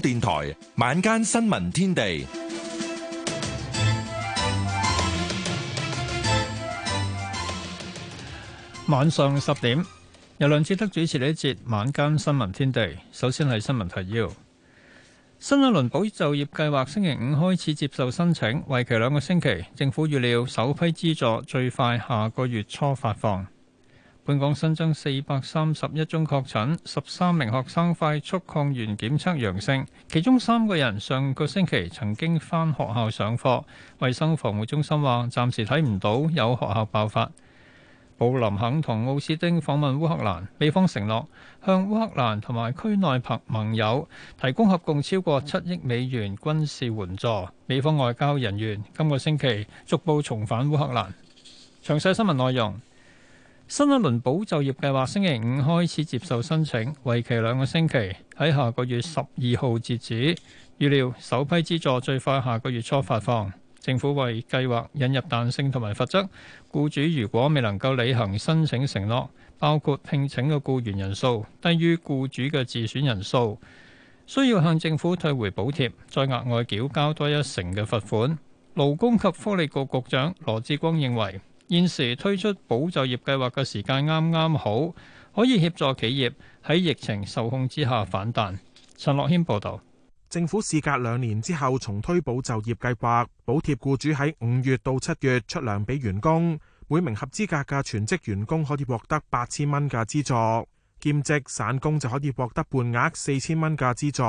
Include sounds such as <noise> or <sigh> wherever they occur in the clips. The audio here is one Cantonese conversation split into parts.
電台晚間新聞天地，晚上十點由梁志德主持呢一節晚間新聞天地。首先係新聞提要：新一輪保就業計劃星期五開始接受申請，為期兩個星期。政府預料首批資助最快下個月初發放。本港新增四百三十一宗確診，十三名學生快速抗原檢測陽性，其中三個人上個星期曾經返學校上課，衛生防護中心話暫時睇唔到有學校爆發。布林肯同奧斯丁訪問烏克蘭，美方承諾向烏克蘭同埋區內朋盟友提供合共超過七億美元軍事援助。美方外交人員今個星期逐步重返烏克蘭。詳細新聞內容。新一輪保就業計劃星期五開始接受申請，為期兩個星期，喺下個月十二號截止。預料首批資助最快下個月初發放。政府為計劃引入彈性同埋罰則，僱主如果未能夠履行申請承諾，包括聘請嘅僱員人數低於僱主嘅自選人數，需要向政府退回補貼，再額外繳交多一成嘅罰款。勞工及福利局局局長羅志光認為，現時推出保就業計劃嘅時間啱啱好，可以協助企業喺疫情受控之下反彈。陳樂軒報導，政府事隔兩年之後重推保就業計劃，補貼僱主喺五月到七月出糧俾員工，每名合資格嘅全職員工可以獲得八千蚊嘅資助，兼職散工就可以獲得半額四千蚊嘅資助。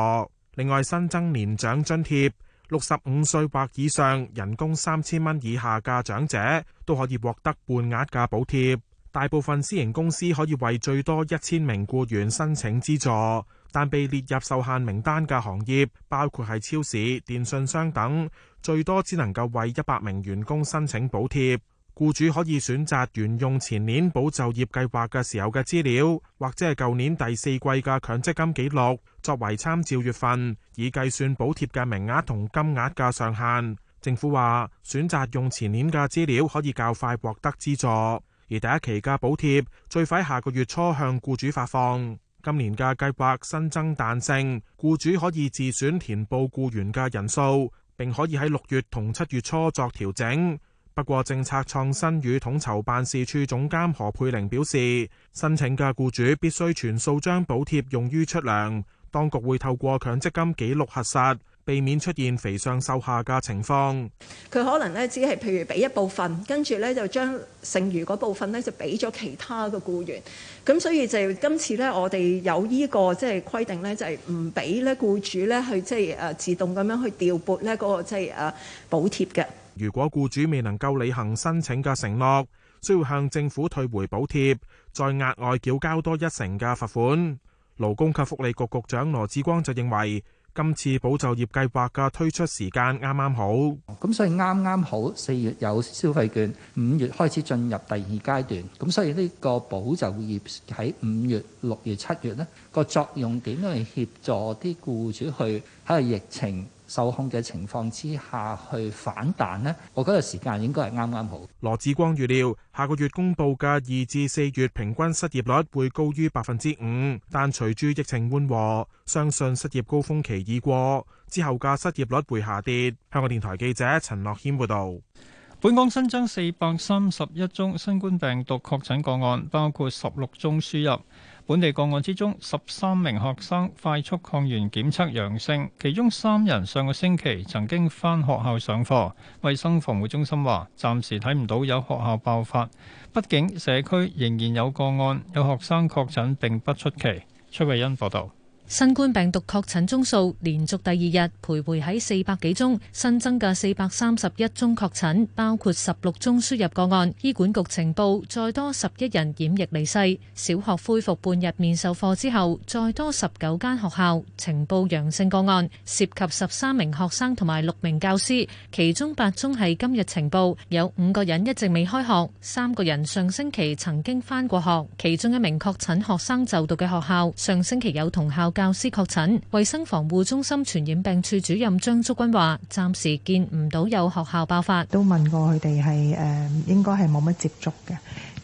另外新增年長津貼。六十五歲或以上、人工三千蚊以下嘅長者都可以獲得半額嘅補貼。大部分私營公司可以為最多一千名僱員申請資助，但被列入受限名單嘅行業包括係超市、電信商等，最多只能夠為一百名員工申請補貼。雇主可以選擇沿用前年保就業計劃嘅時候嘅資料，或者係舊年第四季嘅強積金記錄作為參照月份，以計算補貼嘅名額同金額嘅上限。政府話選擇用前年嘅資料可以較快獲得資助，而第一期嘅補貼最快下個月初向雇主發放。今年嘅計劃新增彈性，雇主可以自選填報雇員嘅人數，並可以喺六月同七月初作調整。不過，政策創新與統籌辦事處總監何佩玲表示，申請嘅僱主必須全數將補貼用於出糧，當局會透過強積金紀錄核實，避免出現肥上瘦下嘅情況。佢可能咧只係譬如俾一部分，跟住咧就將剩餘嗰部分咧就俾咗其他嘅僱員。咁所以就今次咧，我哋有依個即係規定咧，就係唔俾咧僱主咧去即係誒自動咁樣去調撥咧嗰個即係誒補貼嘅。如果雇主未能夠履行申請嘅承諾，需要向政府退回補貼，再額外繳交多一成嘅罰款。勞工及福利局局長羅致光就認為，今次保就業計劃嘅推出時間啱啱好。咁所以啱啱好四月有消費券，五月開始進入第二階段。咁所以呢個保就業喺五月、六月、七月呢個作用點樣去協助啲雇主去喺個疫情受控嘅情況之下去反彈呢，我覺得時間應該係啱啱好。羅致光預料，下個月公布嘅二至四月平均失業率會高於百分之五，但隨住疫情緩和，相信失業高峰期已過，之後嘅失業率會下跌。香港電台記者陳樂軒報導。本港新增四百三十一宗新冠病毒確診個案，包括十六宗輸入。本地個案之中，十三名學生快速抗原檢測陽性，其中三人上個星期曾經返學校上課，衛生防護中心話，暫時睇唔到有學校爆發，畢竟社區仍然有個案，有學生確診並不出奇。崔慧欣報道。新冠病毒確診宗數連續第二日徘徊喺四百幾宗，新增嘅四百三十一宗確診，包括十六宗輸入個案。醫管局情報再多十一人染疫離世。小學恢復半日面授課之後，再多十九間學校情報陽性個案，涉及十三名學生同埋六名教師，其中八宗係今日情報，有五個人一直未開學，三個人上星期曾經翻過學，其中一名確診學生就讀嘅學校上星期有同校教師確診，衛生防護中心傳染病處主任張竹君話：暫時見唔到有學校爆發，都問過佢哋係誒，應該係冇乜接觸嘅。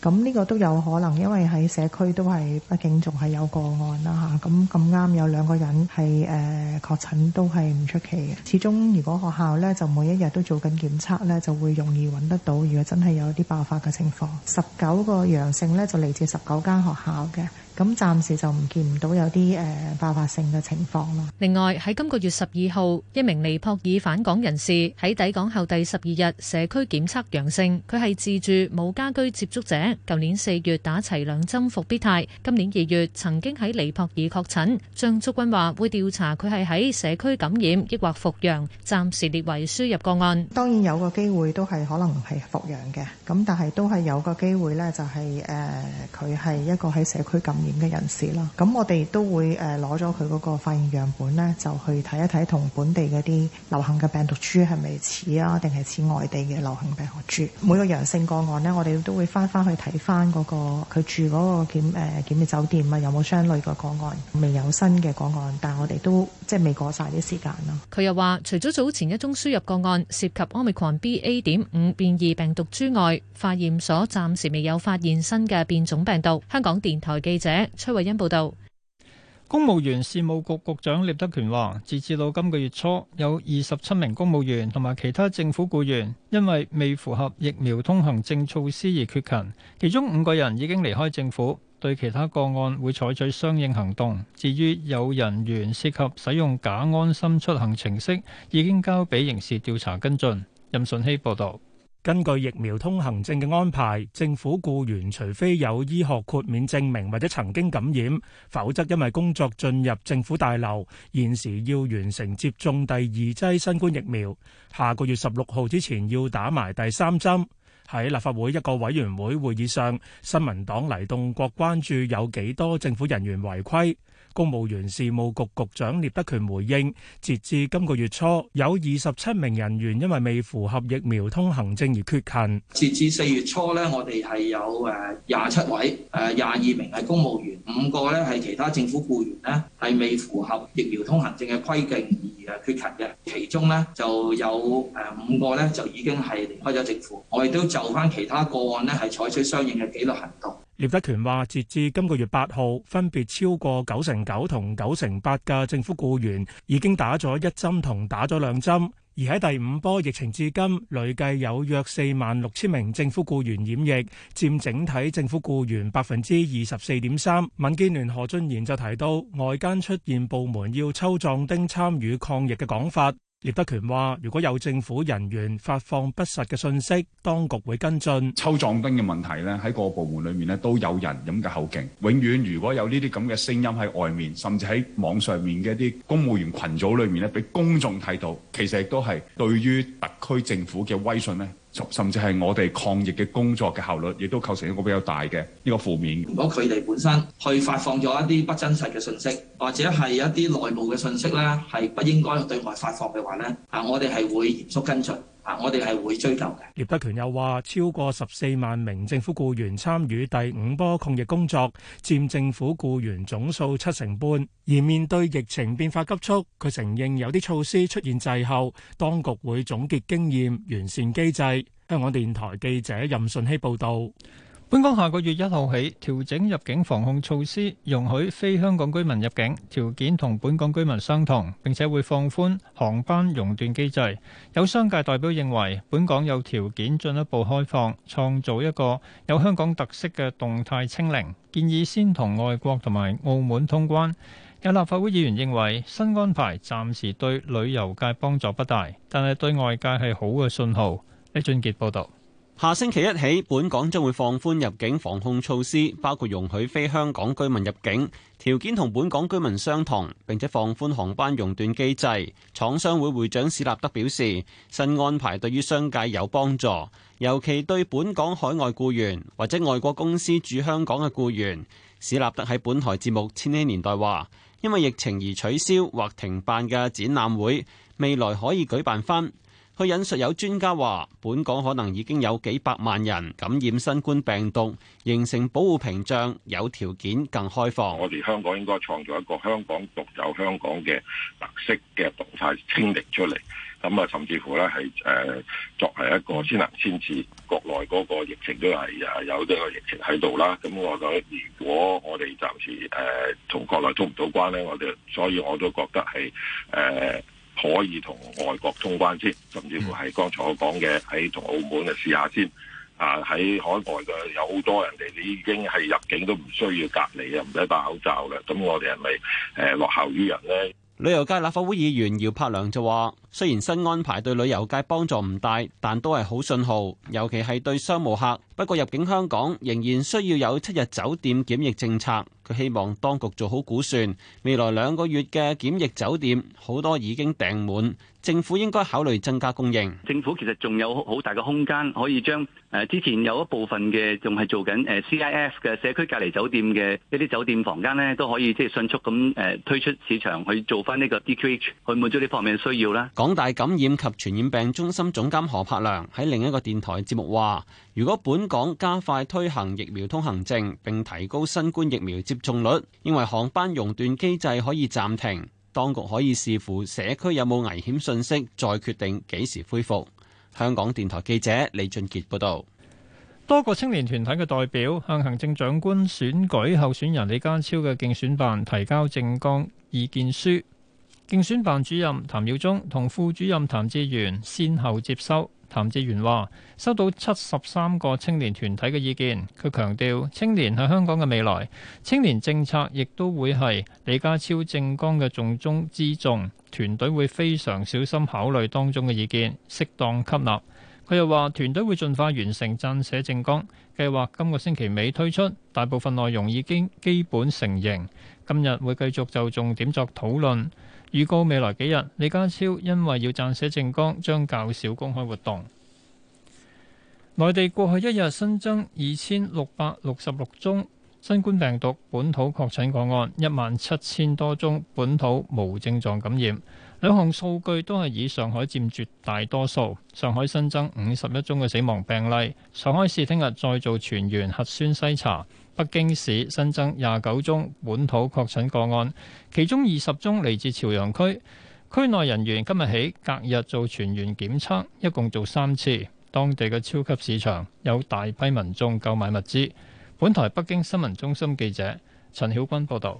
咁呢個都有可能，因為喺社區都係，畢竟仲係有個案啦吓，咁咁啱有兩個人係誒、呃、確診都係唔出奇嘅。始終如果學校呢就每一日都做緊檢測呢，就會容易揾得到。如果真係有啲爆發嘅情況，十九個陽性呢就嚟自十九間學校嘅。咁、嗯、暫時就唔見唔到有啲誒、呃、爆發性嘅情況啦。另外喺今個月十二號，一名尼泊爾返港人士喺抵港後第十二日社區檢測陽性，佢係自住冇家居接觸者。舊年四月打齊兩針復必泰，今年二月曾經喺尼泊爾確診。張竹君話會調查佢係喺社區感染抑或復陽，暫時列為輸入個案。當然有個機會都係可能係復陽嘅，咁但係都係有個機會呢、就係，就係誒佢係一個喺社區感染嘅人士啦。咁我哋都會誒攞咗佢嗰個發現樣本呢，就去睇一睇同本地嗰啲流行嘅病毒株係咪似啊，定係似外地嘅流行病毒株？每個陽性個案呢，我哋都會翻翻去。睇翻嗰個佢住嗰個檢誒檢疫酒店啊，有冇相類嘅個案？未有新嘅個案，但係我哋都即係未過晒啲時間啦。佢又話，除咗早前一宗輸入個案涉及 Omicron BA. 點五變異病毒之外，化驗所暫時未有發現新嘅變種病毒。香港電台記者崔慧欣報道。公務員事務局局長聶德權話，截至到今個月初，有二十七名公務員同埋其他政府僱員因為未符合疫苗通行證措施而缺勤，其中五個人已經離開政府，對其他個案會採取相應行動。至於有人員涉及使用假安心出行程式，已經交俾刑事調查跟進。任信希報道。根據疫苗通行證嘅安排，政府僱員除非有醫學豁免證明或者曾經感染，否則因為工作進入政府大樓，現時要完成接種第二劑新冠疫苗，下個月十六號之前要打埋第三針。喺立法會一個委員會會議上，新民黨黎棟國關注有幾多政府人員違規。公務員事務局局長聶德權回應，截至今個月初，有二十七名人員因為未符合疫苗通行證而缺勤。截至四月初呢，我哋係有，呃，廿七位，呃，廿二名係公務員，五個呢係其他政府僱員，呢係未符合疫苗通行證嘅規定而呃缺勤嘅，其中呢就有呃五個呢就已經係離開咗政府，我哋都就返其他個案呢係採取相應嘅紀律行動。聶德權話：截至今個月八號，分別超過九成九同九成八嘅政府雇員已經打咗一針同打咗兩針，而喺第五波疫情至今，累計有約四萬六千名政府雇員染疫，佔整體政府雇員百分之二十四點三。民建聯何俊賢就提到，外間出現部門要抽壯丁參與抗疫嘅講法。聶德權話，如果有政府人員發放不實嘅信息，當局會跟進。甚至係我哋抗疫嘅工作嘅效率，亦都構成一個比較大嘅呢個負面。如果佢哋本身去發放咗一啲不真實嘅信息，或者係一啲內部嘅信息咧，係不應該對外發放嘅話咧，啊，我哋係會嚴肅跟進，啊，我哋係會追究嘅。聶德權又話：超過十四萬名政府雇員參與第五波抗疫工作，佔政府雇員總數七成半。而面對疫情變化急促，佢承認有啲措施出現滯後，當局會總結經驗，完善機制。香港電台記者任順希報道。本港下個月一號起調整入境防控措施,容許非香港居民入境,條件同本港居民相同,並且會放寬航班熔斷機制。有商界代表認為,本港有條件進一步開放,創造一個有香港特色嘅動態清零,建議先同外國同埋澳門通關。有立法會議員認為,新安排暫時對旅遊界幫助不大,但係對外界係好嘅信號。李俊傑報道：下星期一起，本港將會放寬入境防控措施，包括容許非香港居民入境，條件同本港居民相同，並且放寬航班熔斷機制。廠商會會長史立德表示，新安排對於商界有幫助，尤其對本港海外雇員或者外國公司駐香港嘅雇員。史立德喺本台節目《千禧年代》話：因為疫情而取消或停辦嘅展覽會，未來可以舉辦翻。佢引述有專家話，本港可能已經有幾百萬人感染新冠病毒，形成保護屏障，有條件更開放。我哋香港應該創造一個香港獨有香港嘅特色嘅動態清零出嚟。咁啊，甚至乎咧係誒作為一個先能先至國內嗰個疫情有都係誒有呢個疫情喺度啦。咁我覺得如果我哋暫時誒同、呃、國內通唔到關咧，我哋所以我都覺得係誒。呃可以同外國通關先，甚至乎係剛才我講嘅喺同澳門嘅試下先。啊，喺海外嘅有好多人哋，你已經係入境都唔需要隔離啊，唔使戴口罩啦。咁我哋係咪誒落後於人呢？旅遊界立法會議員姚柏良就話：雖然新安排對旅遊界幫助唔大，但都係好信號，尤其係對商務客。不過入境香港仍然需要有七日酒店檢疫政策。佢希望當局做好估算，未來兩個月嘅檢疫酒店好多已經訂滿，政府應該考慮增加供應。政府其實仲有好大嘅空間，可以將誒之前有一部分嘅仲係做緊誒 CIF 嘅社區隔離酒店嘅一啲酒店房間呢，都可以即係迅速咁誒推出市場去做翻呢個 DQH，去滿足呢方面嘅需要啦。港大感染及傳染病中心總監何柏良喺另一個電台節目話：「如果本港加快推行疫苗通行證，並提高新冠疫苗接種率，認為航班熔斷機制可以暫停，當局可以視乎社區有冇危險信息，再決定幾時恢復。香港電台記者李俊杰報道，多個青年團體嘅代表向行政長官選舉候選人李家超嘅競選辦提交政綱意見書，競選辦主任譚耀宗同副主任譚志源先後接收。譚志源話收到七十三個青年團體嘅意見，佢強調青年係香港嘅未來，青年政策亦都會係李家超政綱嘅重中之重，團隊會非常小心考慮當中嘅意見，適當吸納。佢又話團隊會盡快完成撰寫政綱，計劃今個星期尾推出，大部分內容已經基本成型。今日會繼續就重點作討論。預告未來幾日，李家超因為要撰寫政綱，將較少公開活動。內地過去一日新增二千六百六十六宗新冠病毒本土確診個案，一萬七千多宗本土無症狀感染，兩項數據都係以上海佔絕大多數。上海新增五十一宗嘅死亡病例，上海市聽日再做全員核酸篩查。北京市新增廿九宗本土確診個案，其中二十宗嚟自朝陽區，區內人員今日起隔日做全員檢測，一共做三次。當地嘅超級市場有大批民眾購買物資。本台北京新聞中心記者陳曉君報道。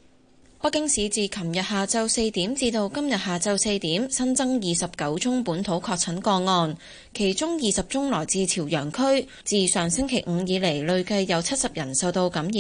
北京市自琴日下晝四點至到今日下晝四點，新增二十九宗本土確診個案，其中二十宗來自朝陽區。自上星期五以嚟，累計有七十人受到感染。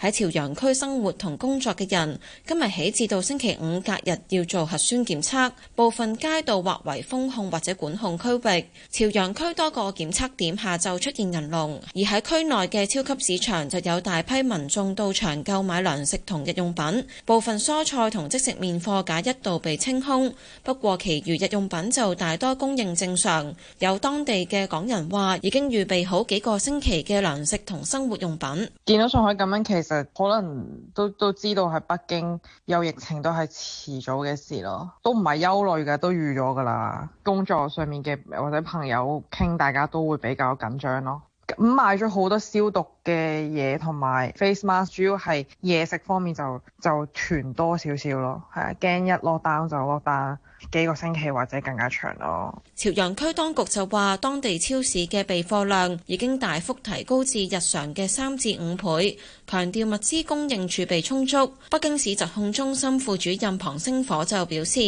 喺朝陽區生活同工作嘅人，今日起至到星期五隔日要做核酸檢測。部分街道劃為封控或者管控區域。朝陽區多個檢測點下晝出現人龍，而喺區內嘅超級市場就有大批民眾到場購買糧食同日用品。部分蔬菜同即食麵貨架一度被清空，不過其餘日用品就大多供應正常。有當地嘅港人話已經預備好幾個星期嘅糧食同生活用品。見到上海咁樣，其實可能都都知道喺北京有疫情都係遲早嘅事咯，都唔係憂慮噶，都預咗噶啦。工作上面嘅或者朋友傾，大家都會比較緊張咯。咁買咗好多消毒嘅嘢，同埋 face mask，主要係嘢食方面就就囤多少少咯，係啊，驚一 lock down 就 lock down。幾個星期或者更加長咯。朝陽區當局就話，當地超市嘅備貨量已經大幅提高至日常嘅三至五倍，強調物資供應儲備充足。北京市疾控中心副主任龐星火就表示，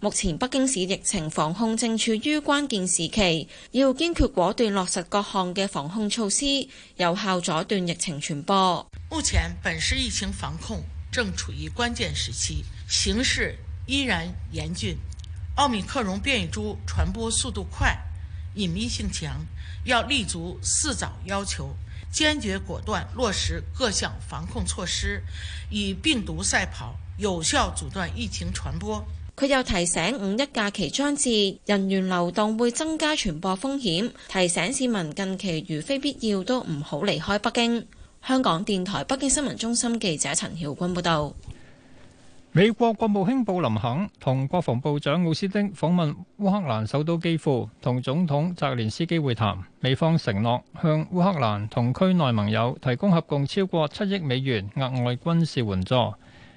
目前北京市疫情防控正處於關鍵時期，要堅決果斷落實各項嘅防控措施，有效阻斷疫情傳播。目前本市疫情防控正處於關鍵時期，形勢依然嚴峻。奧米克戎變異株傳播速度快、隱秘性強，要立足四早要求，堅決果斷落實各項防控措施，與病毒賽跑，有效阻斷疫情傳播。佢又提醒五一假期將至，人員流動會增加傳播風險，提醒市民近期如非必要都唔好離開北京。香港電台北京新聞中心記者陳曉君報道。美國國務卿布林肯同國防部長奧斯汀訪問烏克蘭首都基輔，同總統澤連斯基會談。美方承諾向烏克蘭同區內盟友提供合共超過七億美元額外軍事援助。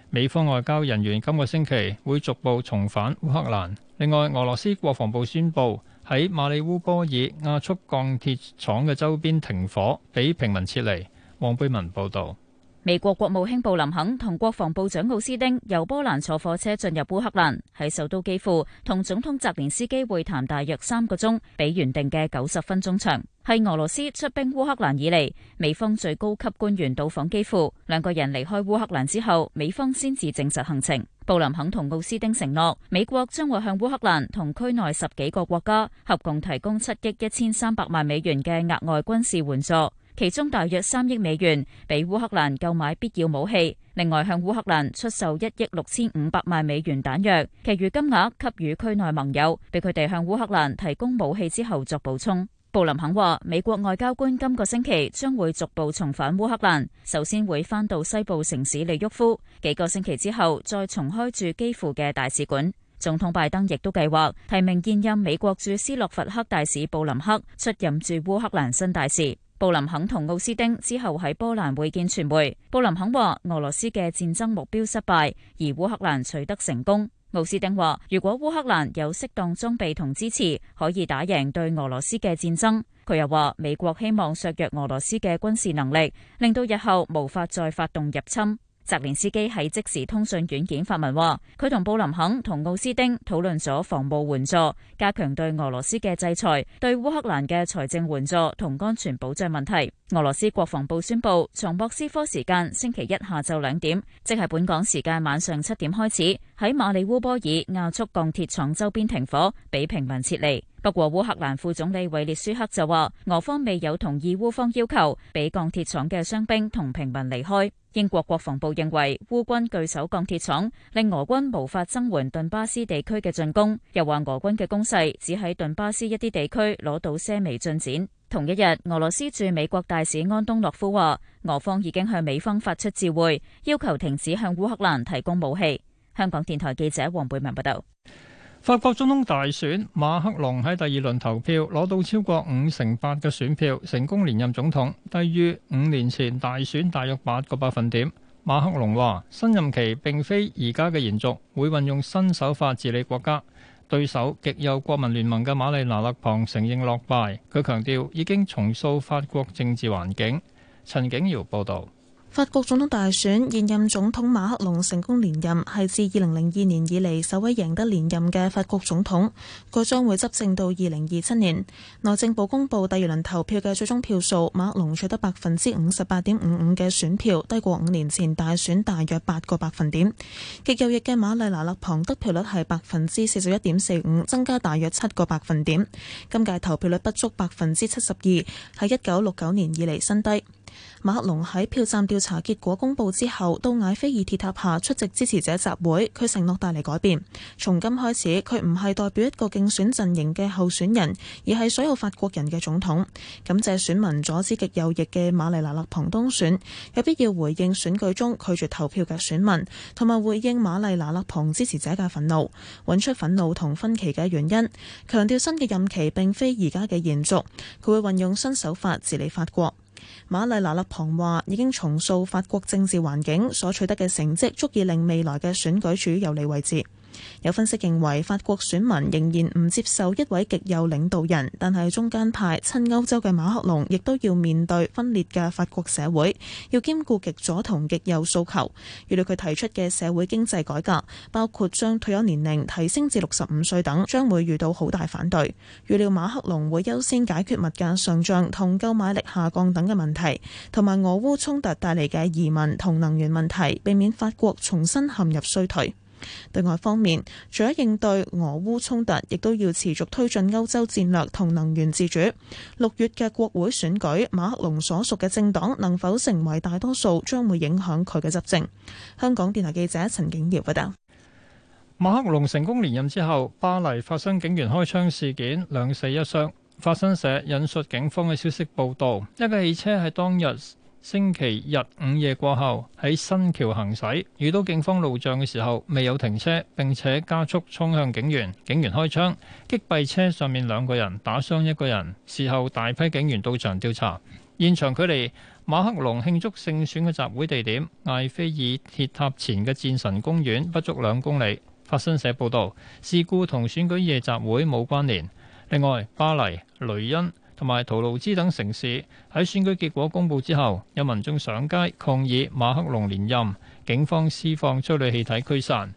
美方外交人員今個星期會逐步重返烏克蘭。另外，俄羅斯國防部宣布喺馬里烏波爾亞速鋼鐵廠嘅周邊停火，俾平民撤離。黃貝文報道。美國國務卿布林肯同國防部長奧斯丁由波蘭坐火車進入烏克蘭，喺首都基輔同總統澤連斯基會談大約三個鐘，比原定嘅九十分鐘長。係俄羅斯出兵烏克蘭以嚟，美方最高級官員到訪基輔，兩個人離開烏克蘭之後，美方先至證實行程。布林肯同奧斯丁承諾，美國將會向烏克蘭同區內十幾個國家合共提供七億一千三百萬美元嘅額外軍事援助。其中大約三億美元俾烏克蘭購買必要武器，另外向烏克蘭出售一億六千五百萬美元彈藥，其餘金額給予區內盟友，俾佢哋向烏克蘭提供武器之後作補充。布林肯話，美國外交官今個星期將會逐步重返烏克蘭，首先會翻到西部城市利沃夫，幾個星期之後再重開駐基輔嘅大使館。總統拜登亦都計劃提名現任美國駐斯洛伐克大使布林克出任駐烏克蘭新大使。布林肯同奧斯丁之後喺波蘭會見傳媒。布林肯話：俄羅斯嘅戰爭目標失敗，而烏克蘭取得成功。奧斯丁話：如果烏克蘭有適當裝備同支持，可以打贏對俄羅斯嘅戰爭。佢又話：美國希望削弱俄羅斯嘅軍事能力，令到日後無法再發動入侵。澤連斯基喺即時通訊軟件發文話，佢同布林肯同奧斯丁討論咗防務援助、加強對俄羅斯嘅制裁、對烏克蘭嘅財政援助同安全保障問題。俄羅斯國防部宣布，從莫斯科時間星期一下晝兩點，即係本港時間晚上七點開始。喺馬里烏波爾亞速鋼鐵廠周邊停火，俾平民撤離。不過烏克蘭副總理韋列舒克就話，俄方未有同意烏方要求，俾鋼鐵廠嘅傷兵同平民離開。英國國防部認為烏軍據守鋼鐵廠，令俄軍無法增援頓巴斯地區嘅進攻。又話俄軍嘅攻勢只喺頓巴斯一啲地區攞到些微進展。同一日，俄羅斯駐美國大使安東諾夫話，俄方已經向美方發出照會，要求停止向烏克蘭提供武器。香港電台記者黃貝文報道：法國總統大選，馬克龍喺第二輪投票攞到超過五成八嘅選票，成功連任總統，低於五年前大選大約八個百分點。馬克龍話：新任期並非而家嘅延續，會運用新手法治理國家。對手極右國民聯盟嘅瑪麗娜勒龐承認落敗，佢強調已經重塑法國政治環境。陳景瑤報道。法國總統大選，現任總統馬克龍成功連任，係自二零零二年以嚟首位贏得連任嘅法國總統。佢將會執政到二零二七年。內政部公佈第二輪投票嘅最終票數，馬克龍取得百分之五十八點五五嘅選票，低過五年前大選大約八個百分點。極右翼嘅馬麗娜勒旁得票率係百分之四十一點四五，增加大約七個百分點。今屆投票率不足百分之七十二，係一九六九年以嚟新低。馬克龍喺票站調查結果公佈之後，到埃菲爾鐵塔下出席支持者集會。佢承諾帶嚟改變，從今開始佢唔係代表一個競選陣營嘅候選人，而係所有法國人嘅總統。感謝選民阻止極右翼嘅瑪麗娜·勒龐當選，有必要回應選舉中拒絕投票嘅選民，同埋回應瑪麗娜·勒龐支持者嘅憤怒，揾出憤怒同分歧嘅原因，強調新嘅任期並非而家嘅延續。佢會運用新手法治理法國。瑪麗娜·勒龐話：已經重塑法國政治環境所取得嘅成績，足以令未來嘅選舉處於有利位置。有分析認為，法國選民仍然唔接受一位極右領導人，但係中間派親歐洲嘅馬克龍亦都要面對分裂嘅法國社會，要兼顧極左同極右訴求。預料佢提出嘅社會經濟改革，包括將退休年齡提升至六十五歲等，將會遇到好大反對。預料馬克龍會優先解決物價上漲同購買力下降等嘅問題，同埋俄烏衝突帶嚟嘅移民同能源問題，避免法國重新陷入衰退。對外方面，除咗應對俄烏衝突，亦都要持續推進歐洲戰略同能源自主。六月嘅國會選舉，馬克龍所屬嘅政黨能否成為大多數，將會影響佢嘅執政。香港電台記者陳景瑤報道。馬克龍成功連任之後，巴黎發生警員開槍事件，兩死一傷。法新社引述警方嘅消息報道，一個汽車喺當日。星期日午夜過後喺新橋行駛，遇到警方路障嘅時候未有停車，並且加速衝向警員，警員開槍擊斃車上面兩個人，打傷一個人。事後大批警員到場調查，現場距離馬克龍慶祝勝選嘅集會地點艾菲爾鐵塔前嘅戰神公園不足兩公里。法新社報道，事故同選舉夜集會冇關聯。另外，巴黎、雷恩、同埋圖盧茲等城市喺選舉結果公布之後，有民眾上街抗議馬克龍連任，警方施放催淚氣體驅散。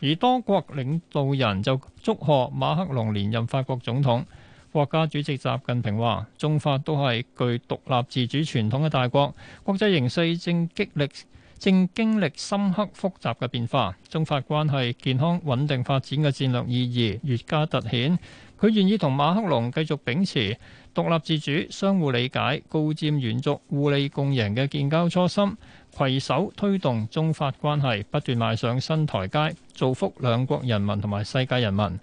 而多國領導人就祝賀馬克龍連任法國總統。國家主席習近平話：中法都係具獨立自主傳統嘅大國，國際形勢正激烈正經歷深刻複雜嘅變化，中法關係健康穩定發展嘅戰略意義越加突顯。佢願意同馬克龍繼續秉持獨立自主、相互理解、高瞻遠矚、互利共贏嘅建交初心，攜手推動中法關係不斷邁上新台階，造福兩國人民同埋世界人民。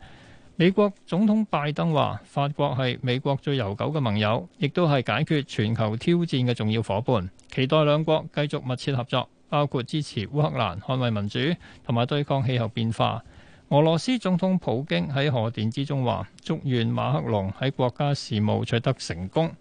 美國總統拜登話：法國係美國最悠久嘅盟友，亦都係解決全球挑戰嘅重要伙伴，期待兩國繼續密切合作。包括支持烏克蘭捍衛民主同埋對抗氣候變化。俄羅斯總統普京喺賀電之中話：祝願馬克龍喺國家事務取得成功。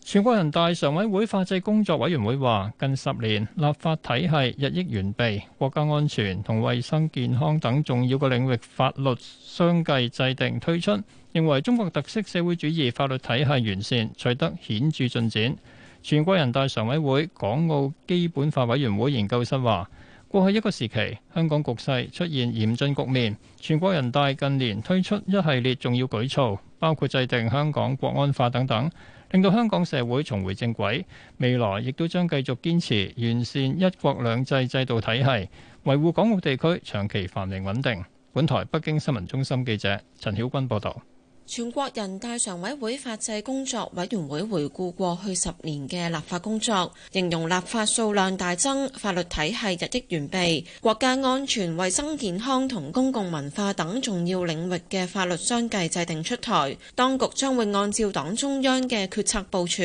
全國人大常委會法制工作委員會話：近十年立法體系日益完備，國家安全同衛生健康等重要嘅領域法律相繼制定推出，認為中國特色社會主義法律體系完善取得顯著進展。全國人大常委會港澳基本法委員會研究室話：過去一個時期，香港局勢出現嚴峻局面。全國人大近年推出一系列重要舉措，包括制定香港國安法等等，令到香港社會重回正軌。未來亦都將繼續堅持完善一國兩制制度體系，維護港澳地區長期繁榮穩定。本台北京新聞中心記者陳曉君報道。全國人大常委會法制工作委員會回顧過去十年嘅立法工作，形容立法數量大增，法律體系日益完備，國家安全、衛生健康同公共文化等重要領域嘅法律相繼制定出台。當局將會按照黨中央嘅決策部署，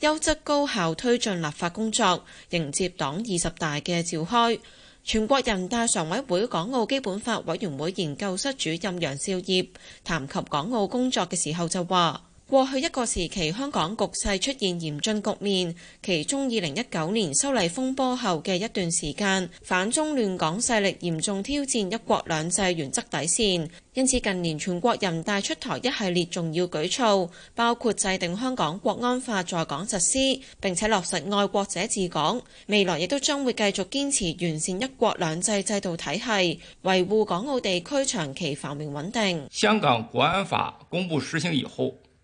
優質高效推進立法工作，迎接黨二十大嘅召開。全國人大常委會港澳基本法委員會研究室主任楊少業談及港澳工作嘅時候就話。過去一個時期，香港局勢出現嚴峻局面，其中2019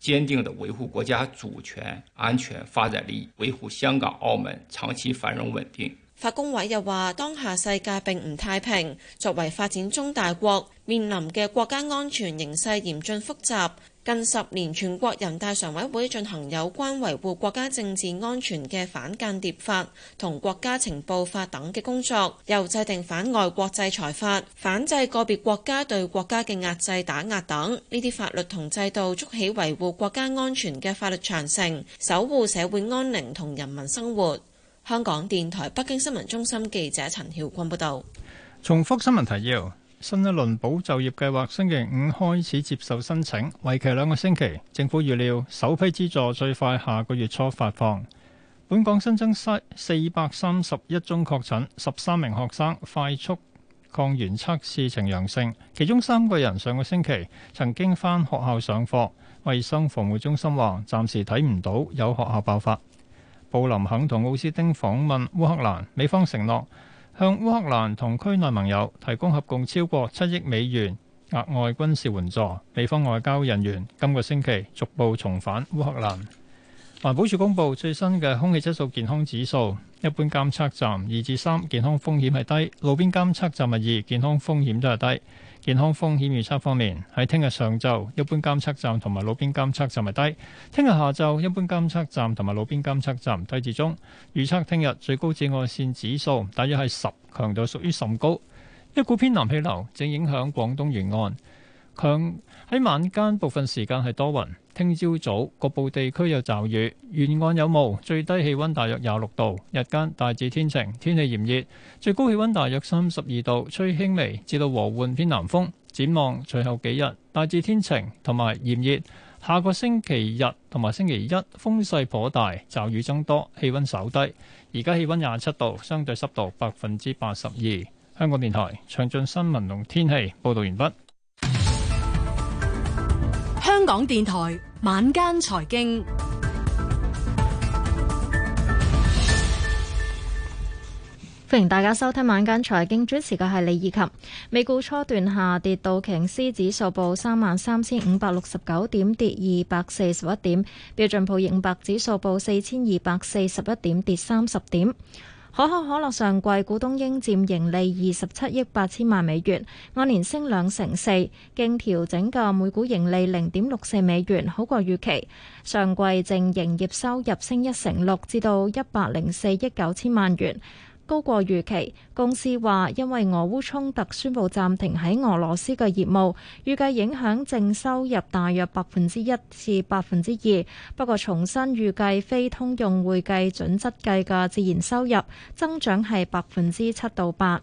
堅定地維護國家主權、安全、發展利益，維護香港、澳門長期繁榮穩定。法工委又話：當下世界並唔太平，作為發展中大國，面臨嘅國家安全形勢嚴峻複雜。近十年，全國人大常委會進行有關維護國家政治安全嘅反間諜法同國家情報法等嘅工作，又制定反外國制裁法、反制個別國家對國家嘅壓制打壓等呢啲法律同制度，築起維護國家安全嘅法律長城，守護社會安寧同人民生活。香港電台北京新聞中心記者陳曉君報道。重複新聞提要。新一輪保就業計劃星期五開始接受申請，為期兩個星期。政府預料首批資助最快下個月初發放。本港新增四四百三十一宗確診，十三名學生快速抗原測試呈陽性，其中三個人上個星期曾經返學校上課。衛生防護中心話，暫時睇唔到有學校爆發。布林肯同奧斯汀訪問烏克蘭，美方承諾向烏克蘭同區內盟友提供合共超過七億美元額外軍事援助。美方外交人員今個星期逐步重返烏克蘭。環保署公布最新嘅空氣質素健康指數，一般監測站二至三，健康風險係低；路邊監測站係二，健康風險都係低。健康風險預測方面，喺聽日上晝一般監測站同埋路邊監測站係低；聽日下晝一般監測站同埋路邊監測站低至中。預測聽日最高紫外線指數大約係十，強度屬於甚高。一股偏南氣流正影響廣東沿岸，強，喺晚間部分時間係多雲。聽朝早，早，局部地區有驟雨，沿岸有霧，最低氣溫大約廿六度，日間大致天晴，天氣炎熱，最高氣溫大約三十二度，吹輕微至到和緩偏南風。展望隨後幾日，大致天晴同埋炎熱。下個星期日同埋星期一，風勢頗大，驟雨增多，氣溫稍低。而家氣溫廿七度，相對濕度百分之八十二。香港電台詳盡新聞同天氣報道完畢。香港電台晚間財經， <music> 歡迎大家收聽晚間財經。主持嘅係李怡琴。美股初段下跌，道瓊斯指數報三萬三千五百六十九點，跌二百四十一點；標準普爾五百指數報四千二百四十一點，跌三十點。可口可樂上季股東應占盈利二十七億八千萬美元，按年升兩成四，經調整嘅每股盈利零點六四美元，好過預期。上季淨營業收入升一成六，至到一百零四億九千萬元。高過預期，公司話因為俄烏衝突宣布暫停喺俄羅斯嘅業務，預計影響淨收入大約百分之一至百分之二。不過重申預計非通用會計準則計嘅自然收入增長係百分之七到八。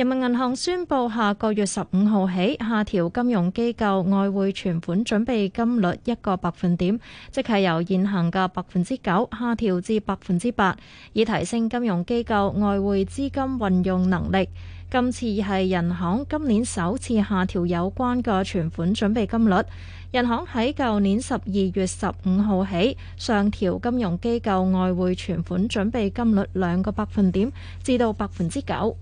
人民銀行宣布，下個月十五號起下調金融機構外匯存款準備金率一個百分點，即係由現行嘅百分之九下調至百分之八，以提升金融機構外匯資金運用能力。今次係人行今年首次下調有關嘅存款準備金率。人行喺舊年十二月十五號起上調金融機構外匯存款準備金率兩個百分點，至到百分之九。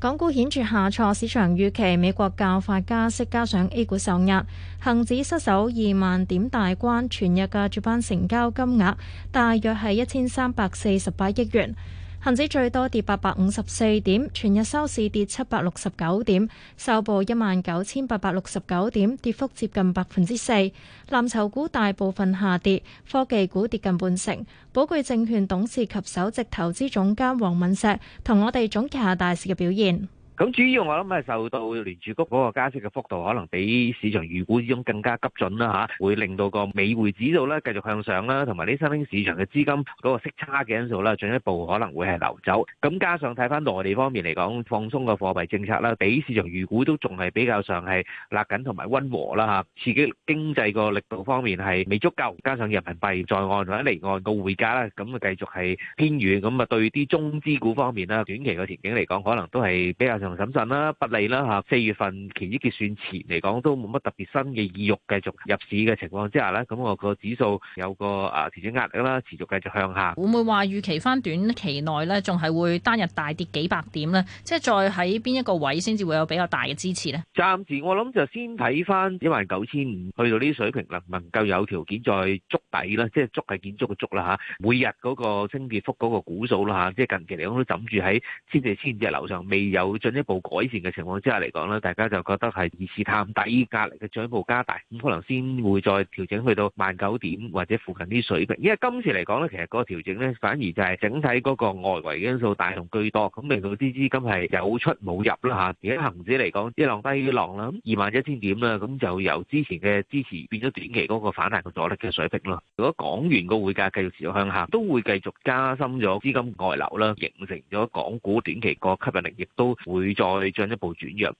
港股顯著下挫，市場預期美國較快加息，加上 A 股受壓，恒指失守二萬點大關。全日嘅主板成交金額大約係一千三百四十八億元。恒指最多跌八百五十四點，全日收市跌七百六十九點，收報一萬九千八百六十九點，跌幅接近百分之四。藍籌股大部分下跌，科技股跌近半成。寶具證券董事及首席投資總監黃敏石同我哋總結下大市嘅表現。咁主要我諗係受到聯儲局嗰個加息嘅幅度，可能比市場預估之中更加急準啦嚇，會令到個美匯指數咧繼續向上啦，同埋啲新興市場嘅資金嗰個息差嘅因素啦，進一步可能會係流走。咁加上睇翻內地方面嚟講，放鬆嘅貨幣政策啦，比市場預估都仲係比較上係勒緊同埋溫和啦嚇，刺激經濟個力度方面係未足夠，加上人民幣在岸或者離岸個匯價啦，咁啊繼續係偏軟，咁啊對啲中資股方面啦，短期嘅前景嚟講，可能都係比較上。審慎啦，不利啦嚇。四月份期指結算前嚟講，都冇乜特別新嘅意欲繼續入市嘅情況之下咧，咁我個指數有個啊調整壓力啦，持續繼續向下。會唔會話預期翻短期內咧，仲係會單日大跌幾百點咧？即係再喺邊一個位先至會有比較大嘅支持咧？暫時我諗就先睇翻一萬九千五去到呢啲水平啦，能唔能夠有條件再築底啦，即係築係建築嘅築啦嚇。每日嗰個升跌幅嗰個股數啦嚇，即係近期嚟講都枕住喺千四千二樓上，未有進一步改善嘅情況之下嚟講咧，大家就覺得係二次探底，隔離嘅漲幅加大，咁可能先會再調整去到萬九點或者附近啲水平。因為今次嚟講咧，其實個調整咧反而就係整體嗰個外圍嘅因素帶動居多，咁令到啲資金係有出冇入啦嚇。而家恒指嚟講一浪低於一浪啦，二萬一千點啦，咁就由之前嘅支持變咗短期嗰個反彈嘅阻力嘅水平咯。如果港元個匯價繼續持續向下，都會繼續加深咗資金外流啦，形成咗港股短期個吸引力亦都會。會再進一步轉弱。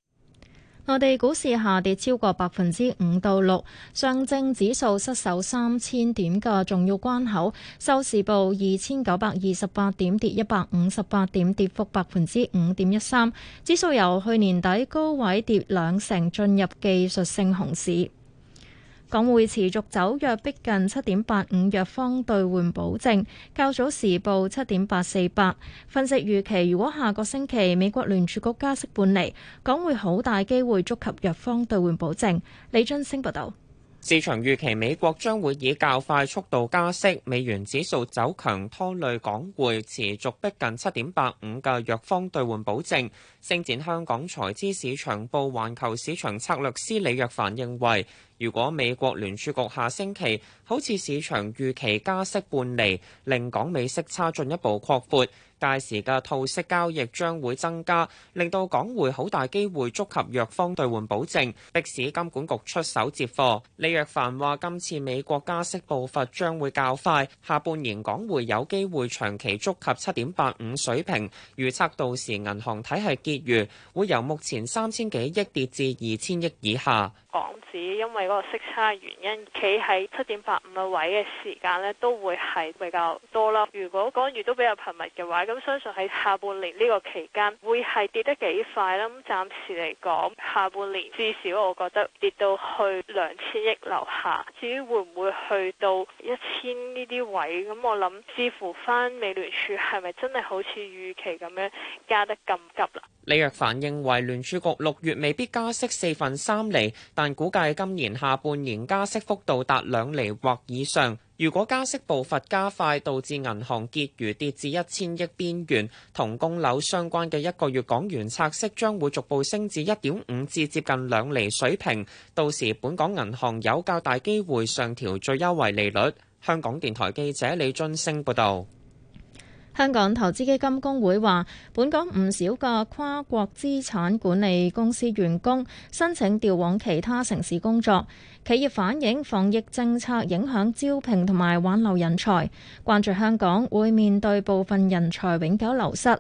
內地股市下跌超過百分之五到六，上證指數失守三千點嘅重要關口，收市報二千九百二十八點，跌一百五十八點，跌幅百分之五點一三。指數由去年底高位跌兩成，進入技術性熊市。港匯持續走弱，逼近七點八五弱方兌換保證。較早時報七點八四八。分析預期，如果下個星期美國聯儲局加息半釐，港匯好大機會觸及弱方兌換保證。李津星報導。市場預期美國將會以較快速度加息，美元指數走強，拖累港匯持續逼近七點八五嘅弱方兌換保證。星展香港財資市場部環球市場策略師李若凡認為。如果美國聯儲局下星期好似市場預期加息半釐，令港美息差進一步擴闊，屆時嘅套息交易將會增加，令到港匯好大機會觸及弱方兌換保證，迫使金管局出手接貨。李若凡話今次美國加息步伐將會較快，下半年港匯有機會長期觸及七點八五水平。預測到時銀行體系結餘會由目前三千幾億跌至二千億以下。港紙因為嗰個息差原因，企喺七點八五嘅位嘅時間咧，都會係比較多啦。如果嗰個月都比較頻密嘅話，咁相信喺下半年呢個期間會係跌得幾快啦。咁暫時嚟講，下半年至少我覺得跌到去兩千億樓下。至於會唔會去到一千呢啲位，咁我諗視乎翻美聯儲係咪真係好似預期咁樣加得咁急啦。李若凡認為聯儲局六月未必加息四分三厘。但估計今年下半年加息幅度達兩厘或以上，如果加息步伐加快，導致銀行結餘跌至一千億邊緣，同供樓相關嘅一個月港元拆息將會逐步升至一點五至接近兩厘水平，到時本港銀行有較大機會上調最優惠利率。香港電台記者李津升報導。香港投資基金公會話，本港唔少嘅跨國資產管理公司員工申請調往其他城市工作。企業反映防疫政策影響招聘同埋挽留人才，關注香港會面對部分人才永久流失。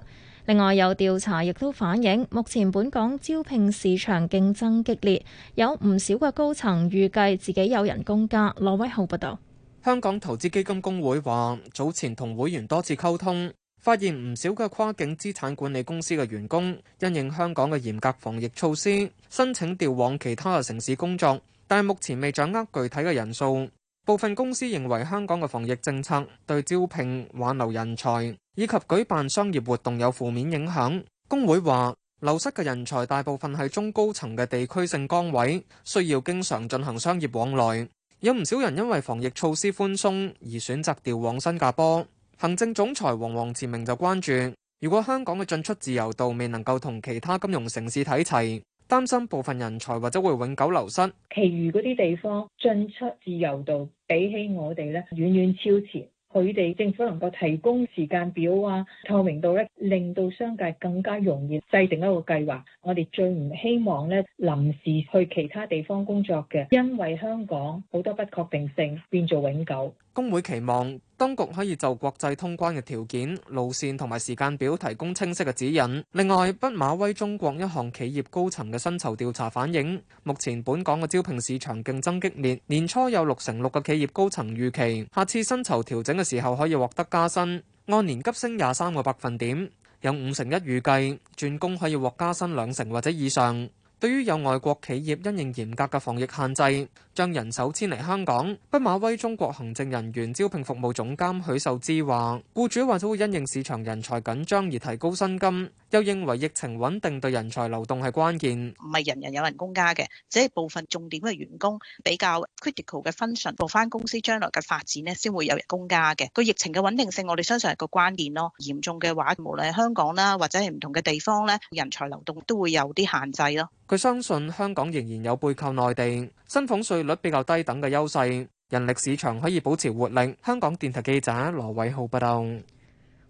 另外有調查亦都反映，目前本港招聘市場競爭激烈，有唔少嘅高層預計自己有人工加。羅威浩報道。香港投資基金公會話：早前同會員多次溝通，發現唔少嘅跨境資產管理公司嘅員工因應香港嘅嚴格防疫措施，申請調往其他嘅城市工作，但目前未掌握具體嘅人數。部分公司認為香港嘅防疫政策對招聘、挽留人才以及舉辦商業活動有負面影響。公會話：流失嘅人才大部分係中高層嘅地區性崗位，需要經常進行商業往來。有唔少人因為防疫措施寬鬆而選擇調往新加坡。行政總裁黃黃志明就關注，如果香港嘅進出自由度未能夠同其他金融城市睇齊，擔心部分人才或者會永久流失。其餘嗰啲地方進出自由度比起我哋咧，遠遠超前。佢哋政府能夠提供時間表啊，透明度咧，令到商界更加容易制定一個計劃。我哋最唔希望咧，臨時去其他地方工作嘅，因為香港好多不確定性變做永久。工會期望當局可以就國際通關嘅條件、路線同埋時間表提供清晰嘅指引。另外，畢馬威中國一項企業高層嘅薪酬調查反映，目前本港嘅招聘市場競爭激烈。年初有六成六個企業高層預期，下次薪酬調整嘅時候可以獲得加薪，按年急升廿三個百分點。有五成一預計轉工可以獲加薪兩成或者以上。對於有外國企業因應嚴格嘅防疫限制，將人手遷嚟香港。畢馬威中國行政人員招聘服務總監許秀芝話，雇主或者會因應市場人才緊張而提高薪金，又認為疫情穩定對人才流動係關鍵，唔係人人有人工加嘅，只係部分重點嘅員工比較 critical 嘅 function，做翻公司將來嘅發展咧，先會有人工加嘅。個疫情嘅穩定性，我哋相信係個關鍵咯。嚴重嘅話，無論係香港啦，或者係唔同嘅地方咧，人才流動都會有啲限制咯。佢相信香港仍然有背靠內地薪俸稅率比較低等嘅優勢，人力市場可以保持活力。香港電台記者羅偉浩報道。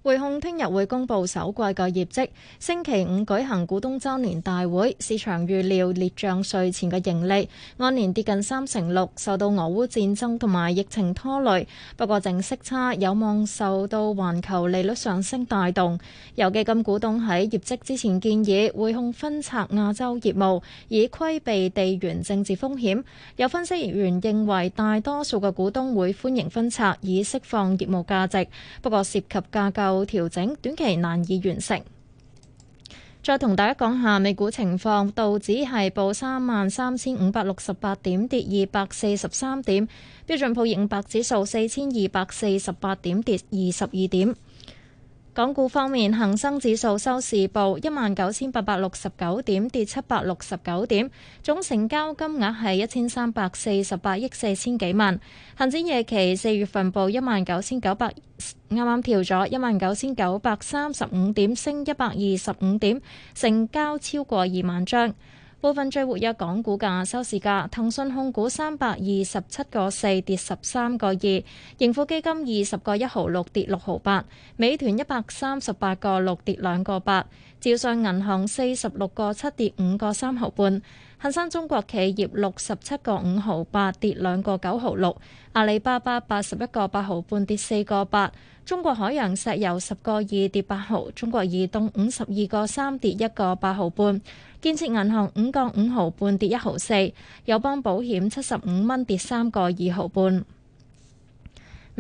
匯控聽日會公布首季嘅業績，星期五舉行股東周年大會。市場預料列賬稅前嘅盈利按年跌近三成六，受到俄烏戰爭同埋疫情拖累。不過淨息差有望受到環球利率上升帶動。有基金股東喺業績之前建議匯控分拆亞洲業務，以規避地緣政治風險。有分析員認為大多數嘅股東會歡迎分拆，以釋放業務價值。不過涉及價格。到調整，短期難以完成。再同大家講下美股情況，道指係報三萬三千五百六十八點，跌二百四十三點；標準普爾五百指數四千二百四十八點，跌二十二點。港股方面，恒生指數收市報一萬九千八百六十九點，跌七百六十九點，總成交金額係一千三百四十八億四千幾萬。恒指夜期四月份報一萬九千九百，啱啱調咗一萬九千九百三十五點，升一百二十五點，成交超過二萬張。部分最活躍港股價收市價，騰訊控股三百二十七個四跌十三個二，盈富基金二十個一毫六跌六毫八，美團一百三十八個六跌兩個八，招商銀行四十六個七跌五個三毫半。恒生中國企業六十七個五毫八跌兩個九毫六，阿里巴巴八十一個八毫半跌四個八，中國海洋石油十個二跌八毫，中國移動五十二個三跌一個八毫半，建設銀行五個五毫半跌一毫四，友邦保險七十五蚊跌三個二毫半。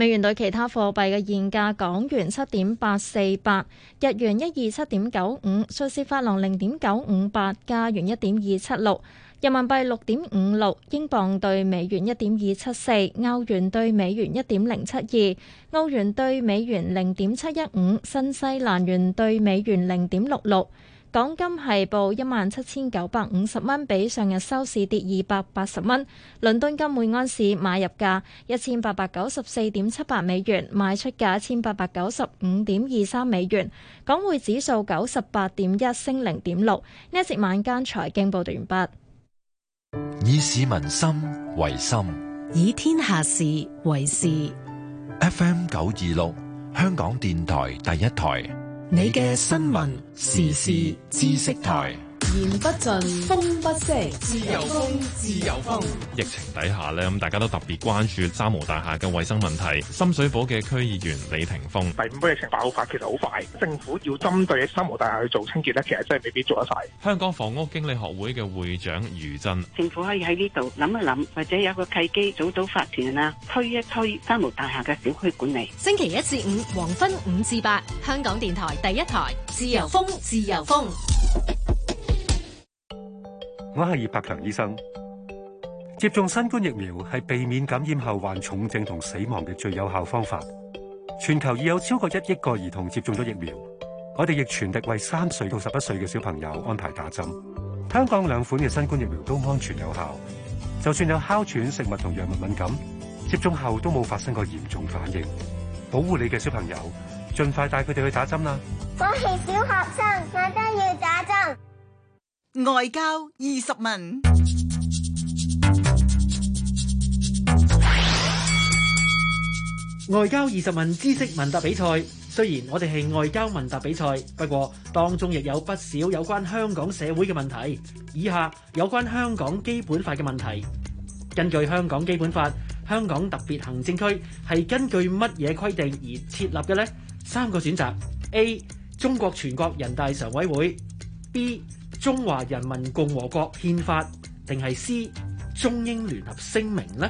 美元兌其他貨幣嘅現價：港元七點八四八，日元一二七點九五，瑞士法郎零點九五八，加元一點二七六，人民幣六點五六，英鎊對美元一點二七四，歐元對美元一點零七二，歐元對美元零點七一五，新西蘭元對美元零點六六。港金係報一萬七千九百五十蚊，1, 7, 50, 比上日收市跌二百八十蚊。倫敦金每安士買入價一千八百九十四點七八美元，賣出價一千八百九十五點二三美元。港匯指數九十八點一升零點六。呢一節晚間財經報道完畢。以市民心為心，以天下事為事。FM 九二六，香港電台第一台。你嘅新聞時事知識台。言不盡，風不息，自由風，自由風。疫情底下呢，咁大家都特別關注三無大廈嘅衛生問題。深水埗嘅區議員李霆鋒，第五波疫情爆發其實好快，政府要針對三無大廈去做清潔呢，其實真係未必做得晒。香港房屋經理學會嘅會長余振，政府可以喺呢度諗一諗，或者有個契機，早早發展啦，推一推三無大廈嘅小區管理。星期一至五黃昏五至八，香港電台第一台，自由風，自由風。我係葉柏強醫生，接種新冠疫苗係避免感染後患重症同死亡嘅最有效方法。全球已有超過一億個兒童接種咗疫苗，我哋亦全力為三歲到十一歲嘅小朋友安排打針。香港兩款嘅新冠疫苗都安全有效，就算有哮喘、食物同藥物敏感，接種後都冇發生過嚴重反應。保護你嘅小朋友，盡快帶佢哋去打針啦！我係小學生，我都要打針。外交二十問，外交二十問知識問答比賽。雖然我哋係外交問答比賽，不過當中亦有不少有關香港社會嘅問題。以下有關香港基本法嘅問題。根據香港基本法，香港特別行政區係根據乜嘢規定而設立嘅呢？三個選擇：A. 中國全國人大常委會；B. 中華人民共和國憲法定係《C, 中英聯合聲明》呢？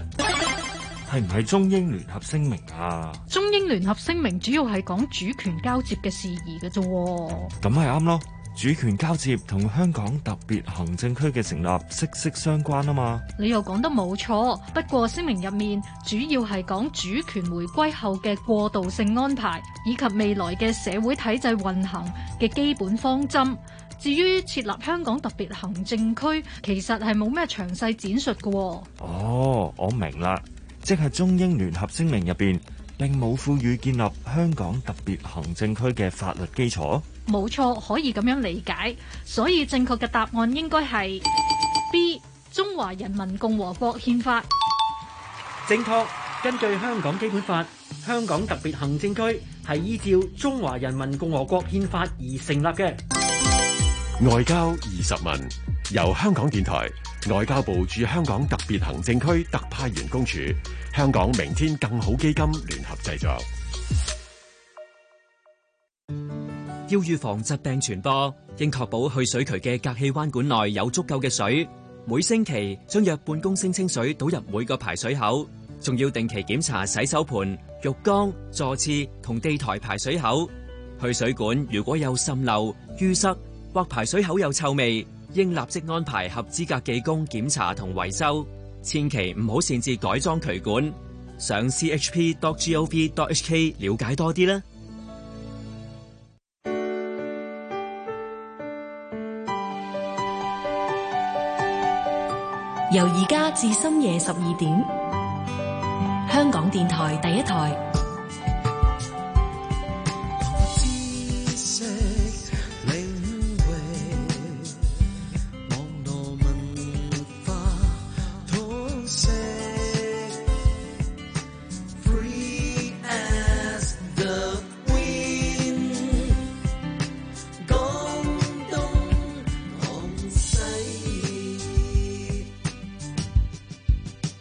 係唔係《中英聯合聲明》啊？《中英聯合聲明》主要係講主權交接嘅事宜嘅啫。咁係啱咯，主權交接同香港特別行政區嘅成立息息相關啊嘛。你又講得冇錯，不過聲明入面主要係講主權回歸後嘅過渡性安排，以及未來嘅社會體制運行嘅基本方針。至於設立香港特別行政區，其實係冇咩詳細展述嘅喎。哦，我明啦，即係中英聯合聲明入邊並冇賦予建立香港特別行政區嘅法律基礎。冇錯，可以咁樣理解，所以正確嘅答案應該係 B，《中華人民共和國憲法》。正確，根據香港基本法，香港特別行政區係依照《中華人民共和國憲法》而成立嘅。外交二十問，由香港電台、外交部駐香港特別行政區特派員公署、香港明天更好基金聯合製作。要預防疾病傳播，應確保去水渠嘅隔氣彎管內有足夠嘅水。每星期將約半公升清水倒入每個排水口，仲要定期檢查洗手盆、浴缸、坐廁同地台排水口。去水管如果有滲漏、淤塞，或排水口有臭味，應立即安排合資格技工檢查同維修，千祈唔好擅自改裝渠管。上 chp.gov.hk 了解多啲啦。由而家至深夜十二點，香港電台第一台。